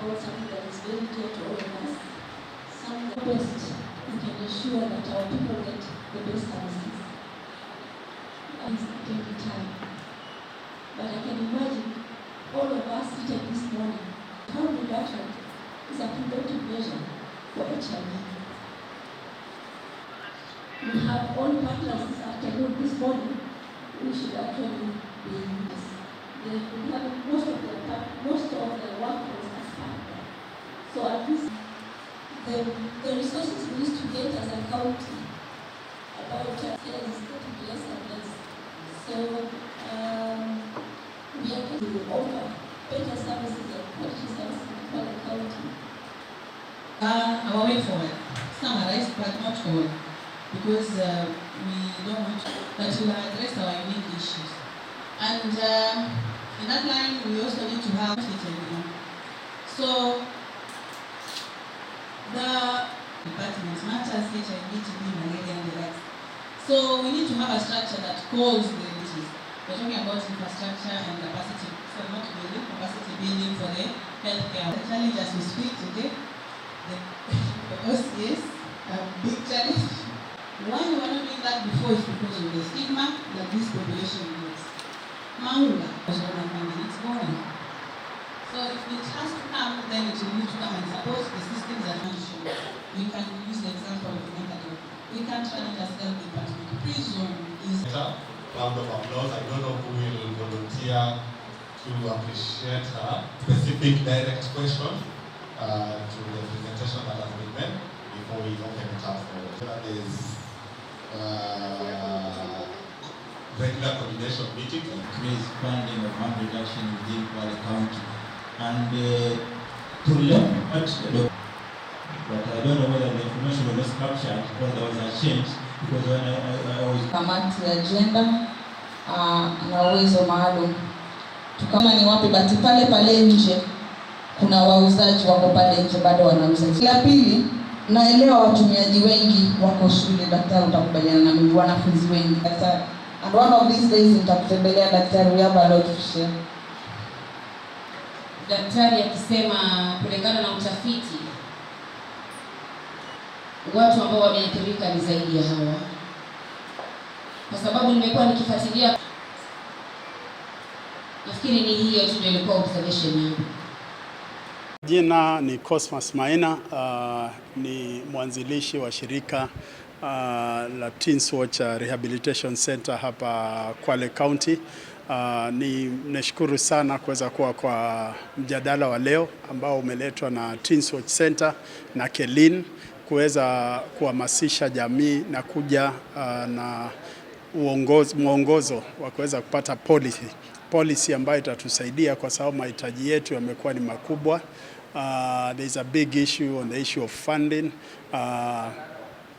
about something that is very dear to all of us. Some the best, we can ensure that our people get the best services. And take time. But I can imagine all of us sitting this morning, harm reduction is a preventive measure for HIV. We have all partners this afternoon, this morning, we should actually be, they, we have most of them sorry for it, summarized but not all, because uh, we don't want that address our unique issues. And um, in that line, we also need to have it So the department matters HIV, be malaria, and the rest. So we need to have a structure that calls the issues. We're talking about infrastructure and capacity, so not building, capacity building for the healthcare. The challenge as we speak today, the us is a big challenge. Why we were not doing that before is because of the stigma that this population Maunga was one of them and has So if it has to come, then it will need to come and suppose the systems is functioning, We can use the example of Negative. We can challenge ourselves in particular. Prison is round of applause. I don't know who will volunteer to appreciate her specific direct uh, question. to the presentation that has been made before we open it up for there's uh, regular coordination meeting and increase funding of harm reduction within Kwale County. And uh, to learn what but I don't know whether the information was not captured because there was a change because when I, I, I was kamati ya ajenda uh, na uwezo maalum tukama ni wapi bati pale pale nje kuna wauzaji wako pale nje bado wanauza. La pili, naelewa watumiaji wengi wako shule, daktari, utakubaliana na mimi, wanafunzi wengi daktari, and one of these days nitakutembelea daktari, we have a lot to share. Daktari akisema kulingana na utafiti, watu ambao wameathirika ni zaidi ya hawa, kwa sababu nimekuwa nikifuatilia, nafikiri ni hiyo tu ndio ilikuwa observation yangu. Jina ni Cosmas Maina, uh, ni mwanzilishi wa shirika uh, la Teens Watch Rehabilitation Center hapa Kwale County. Uh, ni nashukuru sana kuweza kuwa kwa mjadala wa leo ambao umeletwa na Teens Watch Center na Kelin kuweza kuhamasisha jamii na kuja uh, na uongozi, mwongozo wa kuweza kupata policy policy ambayo itatusaidia kwa sababu mahitaji yetu yamekuwa ni makubwa. Uh, there's a big issue on the issue of funding. Uh,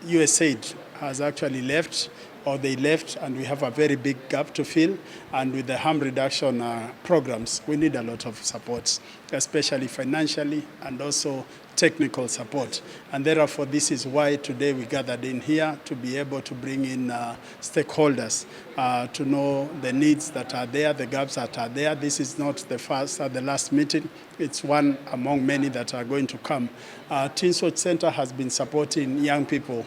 USAID has actually left or they left, and we have a very big gap to fill. And with the harm reduction uh, programs, we need a lot of support, especially financially and also technical support. And therefore, this is why today we gathered in here to be able to bring in uh, stakeholders uh, to know the needs that are there, the gaps that are there. This is not the first or the last meeting. It's one among many that are going to come. Uh, Teen Swatch Center has been supporting young people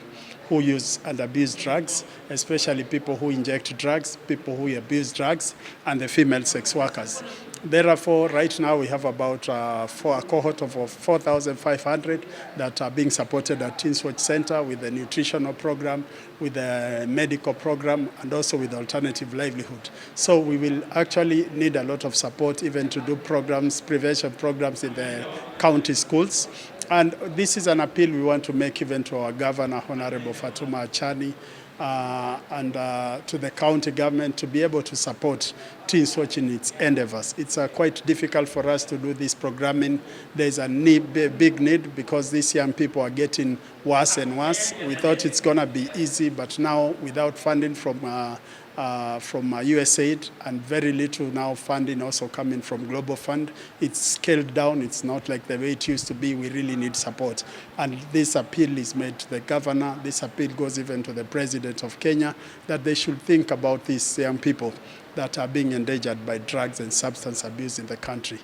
who use and abuse drugs, especially people who inject drugs, people who abuse drugs, and the female sex workers. Therefore, right now we have about uh, for a cohort of, 4,500 that are being supported at Teens Watch Center with the nutritional program, with a medical program, and also with alternative livelihood. So we will actually need a lot of support even to do programs, prevention programs in the county schools And this is an appeal we want to make even to our governor, Honorable Fatuma Achani, uh, and uh, to the county government to be able to support teams watching its endeavors. It's uh, quite difficult for us to do this programming. There's a need, big need because these young people are getting worse and worse. We thought it's going to be easy, but now without funding from uh, uh, from uh, USAID and very little now funding also coming from Global Fund. It's scaled down. It's not like the way it used to be. We really need support. And this appeal is made to the governor. This appeal goes even to the president of Kenya that they should think about these young people that are being endangered by drugs and substance abuse in the country.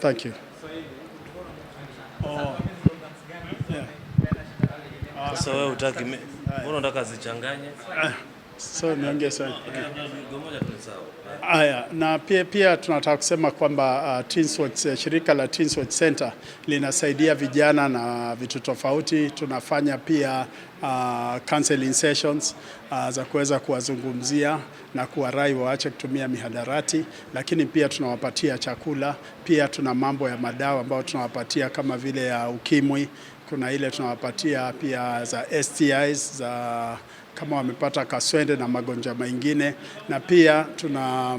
Thank you. Oh. Yeah. So uh, So niongee sana. Haya, na pia pia tunataka kusema kwamba uh, Teens Watch, uh, shirika la Teens Watch Center linasaidia vijana na vitu tofauti. Tunafanya pia uh, counseling sessions uh, za kuweza kuwazungumzia na kuwarai waache kutumia mihadarati, lakini pia tunawapatia chakula. Pia tuna mambo ya madawa ambayo tunawapatia kama vile ya ukimwi, kuna ile tunawapatia pia za STIs za kama wamepata kaswende na magonjwa mengine, na pia tuna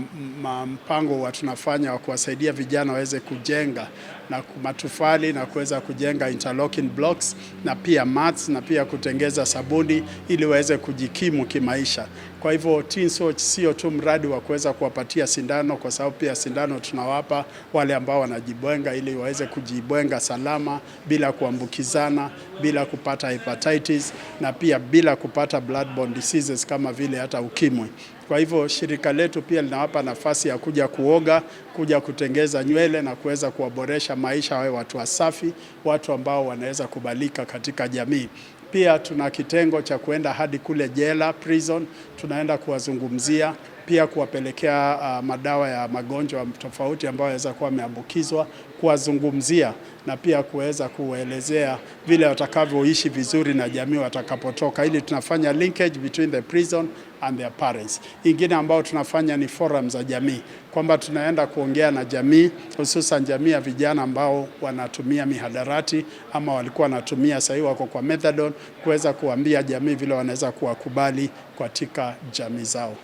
mpango wa tunafanya wa kuwasaidia vijana waweze kujenga na matofali na kuweza kujenga interlocking blocks na pia mats na pia kutengeza sabuni ili waweze kujikimu kimaisha. Kwa hivyo Teens sio tu mradi wa kuweza kuwapatia sindano, kwa sababu pia sindano tunawapa wale ambao wanajibwenga ili waweze kujibwenga salama bila kuambukizana, bila kupata hepatitis na pia bila kupata bloodborne diseases kama vile hata ukimwi. Kwa hivyo shirika letu pia linawapa nafasi ya kuja kuoga, kuja kutengeza nywele na kuweza kuwaboresha maisha wawe watu wasafi, watu ambao wanaweza kubalika katika jamii. Pia tuna kitengo cha kuenda hadi kule jela prison, tunaenda kuwazungumzia pia kuwapelekea uh, madawa ya magonjwa tofauti ambayo yaweza kuwa wameambukizwa, kuwazungumzia na pia kuweza kuwaelezea vile watakavyoishi vizuri na jamii watakapotoka, ili tunafanya linkage between the prison and their parents. Ingine ambayo tunafanya ni forum za jamii, kwamba tunaenda kuongea na jamii, hususan jamii ya vijana ambao wanatumia mihadarati ama walikuwa wanatumia, sahii wako kwa methadone, kuweza kuambia jamii vile wanaweza kuwakubali katika jamii zao.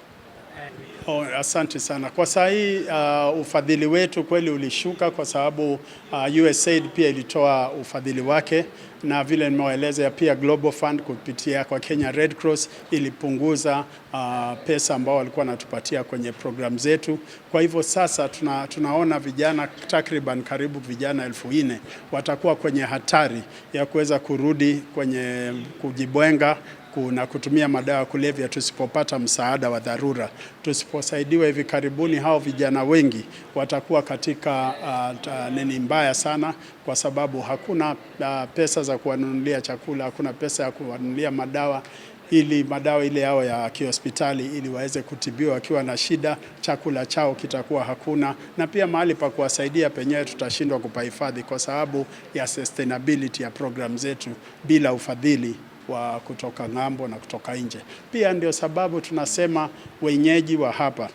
Oh, asante sana kwa saa hii uh, ufadhili wetu kweli ulishuka kwa sababu uh, USAID pia ilitoa ufadhili wake na vile nimewaeleza pia Global Fund kupitia kwa Kenya Red Cross ilipunguza uh, pesa ambao walikuwa wanatupatia kwenye programu zetu. Kwa hivyo sasa tuna, tunaona vijana takriban karibu vijana elfu nne watakuwa kwenye hatari ya kuweza kurudi kwenye kujibwenga na kutumia madawa kulevya tusipopata msaada wa dharura, tusiposaidiwa hivi karibuni, hao vijana wengi watakuwa katika uh, nini mbaya sana, kwa sababu hakuna uh, pesa za kuwanunulia chakula, hakuna pesa ya kuwanunulia madawa ili madawa ile yao ya kihospitali ili waweze kutibiwa wakiwa na shida. Chakula chao kitakuwa hakuna, na pia mahali pa kuwasaidia penyewe tutashindwa kupahifadhi kwa sababu ya sustainability ya program zetu bila ufadhili wa kutoka ng'ambo na kutoka nje. Pia ndio sababu tunasema wenyeji wa hapa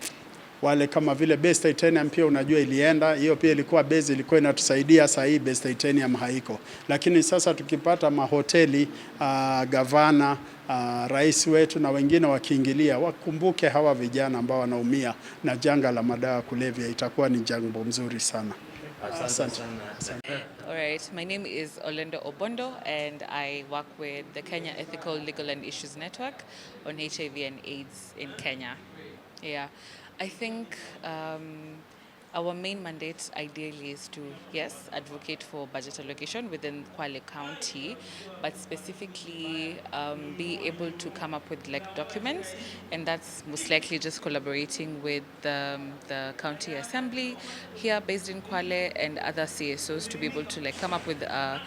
wale kama vile Best Titanium pia unajua ilienda hiyo, pia ilikuwa base, ilikuwa inatusaidia. Sasa hii Best Titanium haiko, lakini sasa tukipata mahoteli uh, gavana uh, rais wetu na wengine wakiingilia, wakumbuke hawa vijana ambao wanaumia na janga la madawa kulevya, itakuwa ni jambo mzuri sana. All right, my name is Orlando Obondo and I work with the Kenya Ethical, Legal and Issues Network on HIV and AIDS in Kenya. Yeah, I think um, our main mandate ideally is to, yes, advocate for budget allocation within Kwale County, but specifically um, be able to come up with like documents, and that's most likely just collaborating with um, the county assembly here based in Kwale and other CSOs to be able to like come up with. Uh,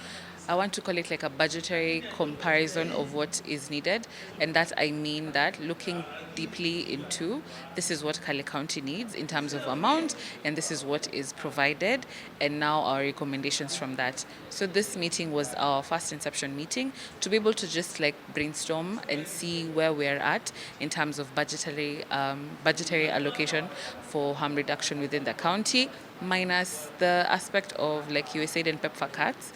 I want to call it like a budgetary comparison of what is needed. And that I mean that looking deeply into this is what Cali County needs in terms of amount, and this is what is provided, and now our recommendations from that. So this meeting was our first inception meeting to be able to just like brainstorm and see where we're at in terms of budgetary um, budgetary allocation for harm reduction within the county, minus the aspect of like USAID and PEPFAR cuts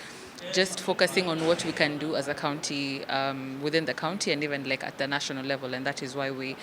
just focusing on what we can do as a county um, within the county and even like at the national level and that is why we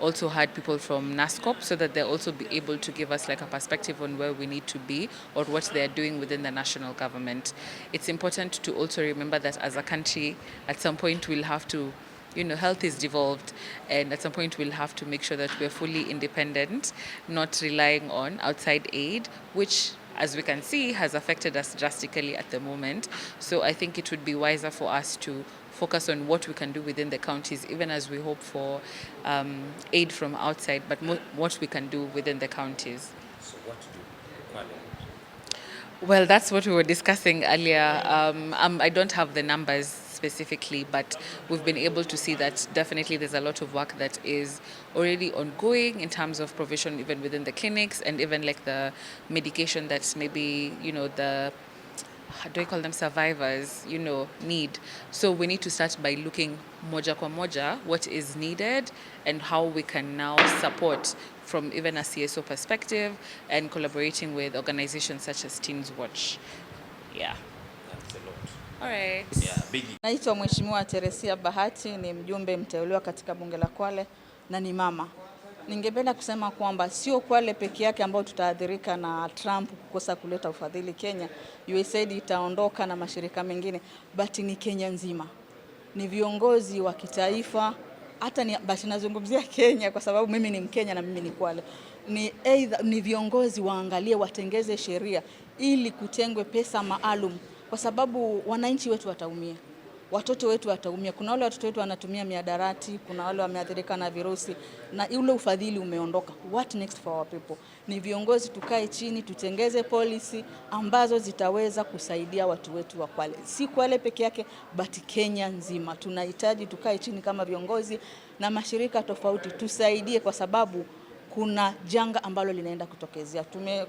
also had people from NASCOP so that they'll also be able to give us like a perspective on where we need to be or what they're doing within the national government. It's important to also remember that as a country at some point we'll have to you know, health is devolved, and at some point we'll have to make sure that we're fully independent, not relying on outside aid, which as we can see, has affected us drastically at the moment. So I think it would be wiser for us to focus on what we can do within the counties, even as we hope for um, aid from outside, but mo- what we can do within the counties. So, what to do? Well, that's what we were discussing earlier. Um, um I don't have the numbers specifically, but we've been able to see that definitely there's a lot of work that is already ongoing in terms of provision, even within the clinics, and even like the medication that's maybe, you know, the how do I call them survivors, you know, need. So we need to start by looking moja kwa moja what is needed and how we can now support from even a CSO perspective and collaborating with organizations such as Teens Watch. Yeah. Alright. Yeah, Naitwa Mheshimiwa Teresia Bahati, ni mjumbe mteuliwa katika bunge la Kwale na ni mama. Ningependa kusema kwamba sio Kwale peke yake ambao tutaathirika na Trump kukosa kuleta ufadhili Kenya. USAID itaondoka na mashirika mengine, but ni Kenya nzima, ni viongozi wa kitaifa hata ni, basi, nazungumzia Kenya kwa sababu mimi ni Mkenya na mimi ni Kwale. Ni either, ni viongozi waangalie, watengeze sheria ili kutengwe pesa maalum kwa sababu wananchi wetu wataumia, watoto wetu wataumia. Kuna wale watoto wetu wanatumia miadarati, kuna wale wameathirika na virusi, na ule ufadhili umeondoka. What next for our people? Ni viongozi tukae chini, tutengeze policy ambazo zitaweza kusaidia watu wetu wa Kwale, si Kwale peke yake, but Kenya nzima. Tunahitaji tukae chini kama viongozi na mashirika tofauti, tusaidie kwa sababu kuna janga ambalo linaenda kutokezea. Tume,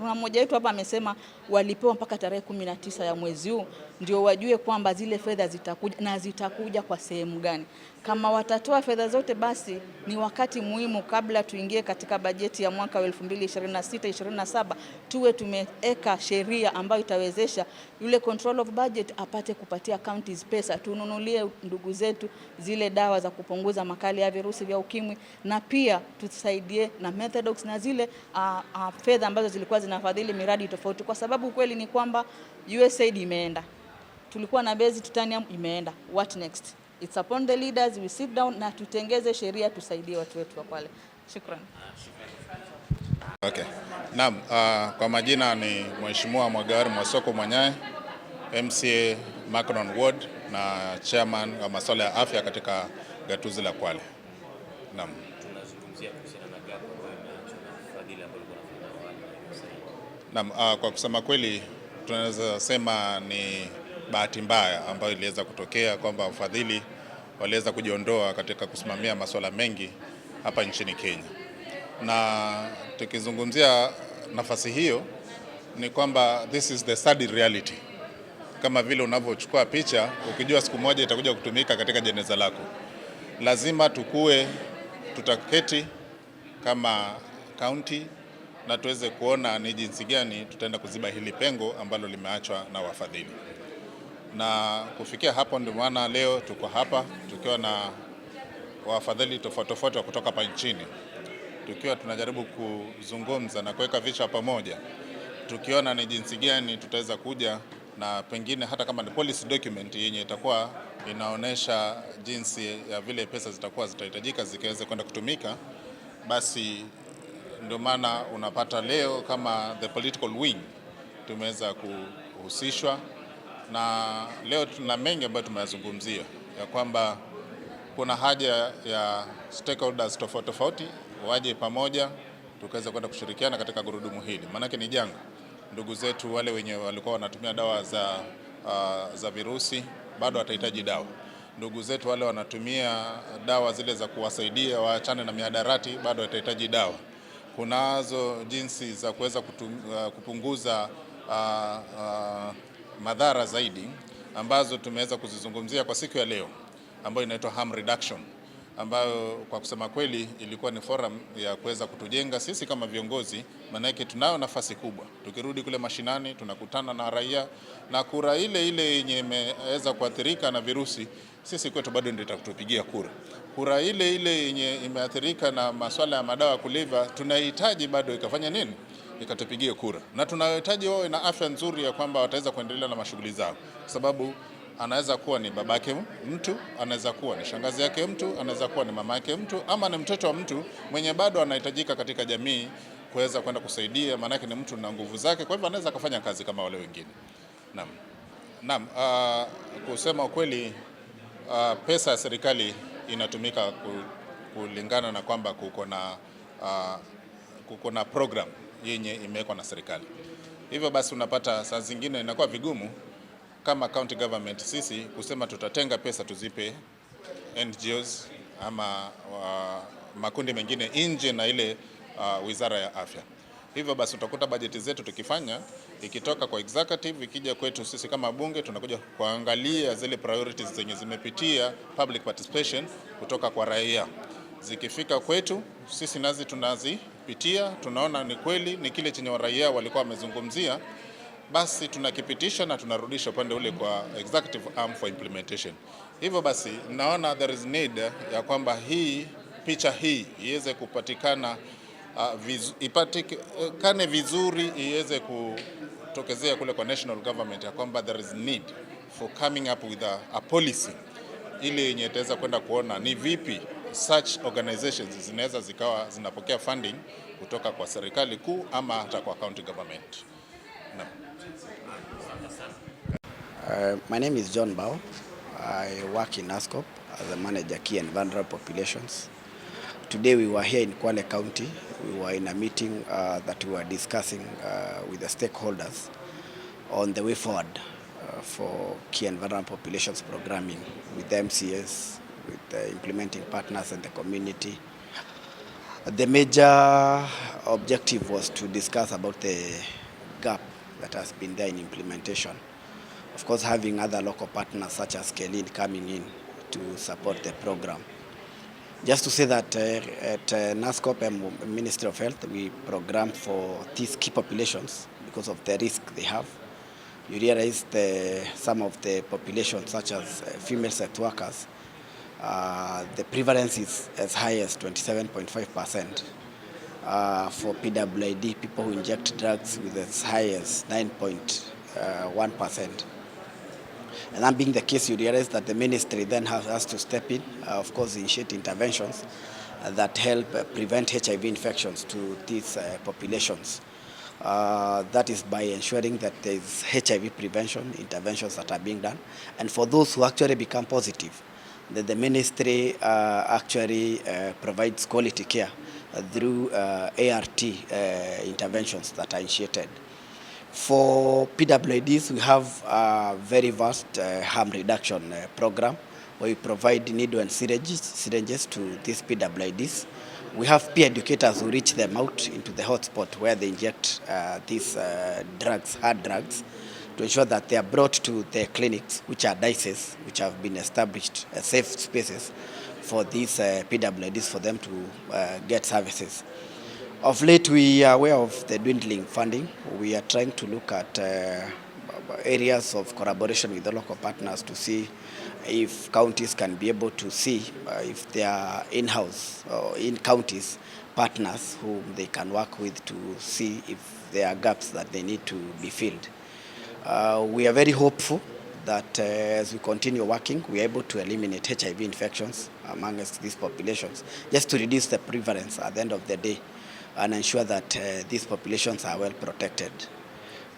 kuna mmoja wetu hapa amesema walipewa mpaka tarehe kumi na tisa ya mwezi huu ndio wajue kwamba zile fedha zitakuja na zitakuja kwa sehemu gani. Kama watatoa fedha zote, basi ni wakati muhimu kabla tuingie katika bajeti ya mwaka wa 2026 27 tuwe tumeweka sheria ambayo itawezesha yule control of budget apate kupatia counties pesa, tununulie ndugu zetu zile dawa za kupunguza makali ya virusi vya ukimwi, na pia tusaidie na methadox na zile uh, uh, fedha ambazo zilikuwa zinafadhili miradi tofauti, kwa sababu kweli ni kwamba USAID imeenda, tulikuwa na bezi titanium imeenda. What next? It's upon the leaders we sit down na tutengeze sheria tusaidie watu wetu wa pale. Okay. Naam, uh, kwa majina ni Mheshimiwa Mwagari Mwasoko Mwanyae, MCA Macron Ward na chairman wa masuala ya afya katika gatuzi la Kwale. Naam. Naam, uh, kwa kusema kweli tunaweza sema ni bahati mbaya ambayo iliweza kutokea kwamba wafadhili waliweza kujiondoa katika kusimamia masuala mengi hapa nchini Kenya. Na tukizungumzia nafasi hiyo ni kwamba this is the sad reality, kama vile unavyochukua picha ukijua siku moja itakuja kutumika katika jeneza lako. Lazima tukue, tutaketi kama kaunti na tuweze kuona ni jinsi gani tutaenda kuziba hili pengo ambalo limeachwa na wafadhili na kufikia hapo ndio maana leo tuko hapa tukiwa na wafadhili tofauti tofauti wa kutoka hapa nchini, tukiwa tunajaribu kuzungumza na kuweka vichwa pamoja, tukiona ni jinsi gani tutaweza kuja na pengine hata kama ni policy document yenye itakuwa inaonyesha jinsi ya vile pesa zitakuwa zitahitajika zikiweza kwenda kutumika, basi ndio maana unapata leo kama the political wing tumeweza kuhusishwa na leo tuna mengi ambayo tumeyazungumzia ya kwamba kuna haja ya stakeholders tofauti tofauti waje pamoja tukaweza kwenda kushirikiana katika gurudumu hili, maanake ni janga. Ndugu zetu wale wenye walikuwa wanatumia dawa za, uh, za virusi bado watahitaji dawa. Ndugu zetu wale wanatumia dawa zile za kuwasaidia waachane na mihadarati bado watahitaji dawa. Kunazo jinsi za kuweza uh, kupunguza uh, uh, madhara zaidi ambazo tumeweza kuzizungumzia kwa siku ya leo, ambayo inaitwa harm reduction, ambayo kwa kusema kweli ilikuwa ni forum ya kuweza kutujenga sisi kama viongozi, maanake tunayo nafasi kubwa. Tukirudi kule mashinani, tunakutana na raia na kura ile ile yenye imeweza kuathirika na virusi, sisi kwetu bado ndio itakutupigia kura. Kura ile ile yenye imeathirika na masuala ya madawa ya kulevya tunahitaji bado ikafanya nini ikatupigie kura, na tunahitaji wawe na afya nzuri ya kwamba wataweza kuendelea na mashughuli zao, kwa sababu anaweza kuwa ni babake mtu, anaweza kuwa ni shangazi yake mtu, anaweza kuwa ni mama yake mtu, ama ni mtoto wa mtu mwenye bado anahitajika katika jamii kuweza kwenda kusaidia, maanake ni mtu na nguvu zake, kwa hivyo anaweza akafanya kazi kama wale wengine. Naam, naam. Uh, kusema ukweli, uh, pesa ya serikali inatumika kulingana na kwamba kuko na uh, kuko na program yenye imewekwa na serikali. Hivyo basi unapata saa zingine inakuwa vigumu kama county government sisi kusema tutatenga pesa tuzipe NGOs ama wa, makundi mengine nje na ile uh, wizara ya afya. Hivyo basi utakuta bajeti zetu tukifanya ikitoka kwa executive ikija kwetu sisi kama bunge, tunakuja kuangalia zile priorities zenye zimepitia public participation kutoka kwa raia, zikifika kwetu sisi nazi tunazi tumepitia, tunaona ni kweli ni kile chenye raia walikuwa wamezungumzia, basi tunakipitisha na tunarudisha upande ule kwa executive arm for implementation. Hivyo basi naona there is need ya kwamba hii picha hii iweze kupatikana uh, vizu, ipatikane vizuri iweze kutokezea kule kwa national government ya kwamba there is need for coming up with a, a policy ili yenye itaweza kwenda kuona ni vipi such organizations zinaweza zikawa zinapokea funding kutoka kwa serikali kuu ama hata kwa county government. No. Uh, my name is John Bao. I work in ASCOP as a manager key and vulnerable populations. Today we were here in Kwale County. We were in a meeting uh, that we were discussing uh, with the stakeholders on the way forward uh, for key and vulnerable populations programming with the MCS with the uh, implementing partners and the community. The major objective was to discuss about the gap that has been there in implementation. Of course, having other local partners such as kelin coming in to support the program. Just to say that uh, at uh, NASCOP and Ministry of Health, we program for these key populations because of the risk they have. You realize the, some of the populations, such as uh, female sex workers, uh, the prevalence is as high as 27.5%. Uh, for PWID, people who inject drugs with as high as 9.1%. Uh, percent And that being the case, you realize that the ministry then has, has to step in, uh, of course, initiate interventions uh, that help uh, prevent HIV infections to these uh, populations. Uh, that is by ensuring that there is HIV prevention interventions that are being done. And for those who actually become positive, that the ministry uh, actually uh, provides quality care through uh, ART uh, interventions that are initiated. For PWDs, we have a very vast uh, harm reduction uh, program where we provide needle and syringes, syringes to these PWDs. We have peer educators who reach them out into the hotspot where they inject uh, these uh, drugs, hard drugs to ensure that they are brought to the clinics which are dices which have been established uh, safe spaces for these uh, PWDs for them to uh, get services. Of late we are aware of the dwindling funding. We are trying to look at uh, areas of collaboration with the local partners to see if counties can be able to see uh, if they are in-house or in counties partners whom they can work with to see if there are gaps that they need to be filled. Uh, we are very hopeful that uh, as we continue working, we are able to eliminate HIV infections amongst these populations, just to reduce the prevalence at the end of the day and ensure that uh, these populations are well protected.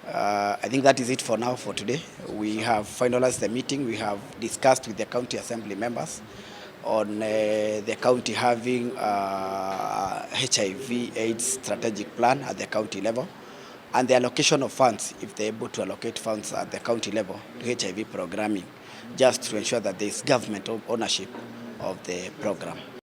Uh, I think that is it for now for today. We have finalized the meeting. We have discussed with the county assembly members on uh, the county having a uh, HIV AIDS strategic plan at the county level and the allocation of funds, if they're able to allocate funds at the county level to HIV programming, just to ensure that there is government ownership of the program.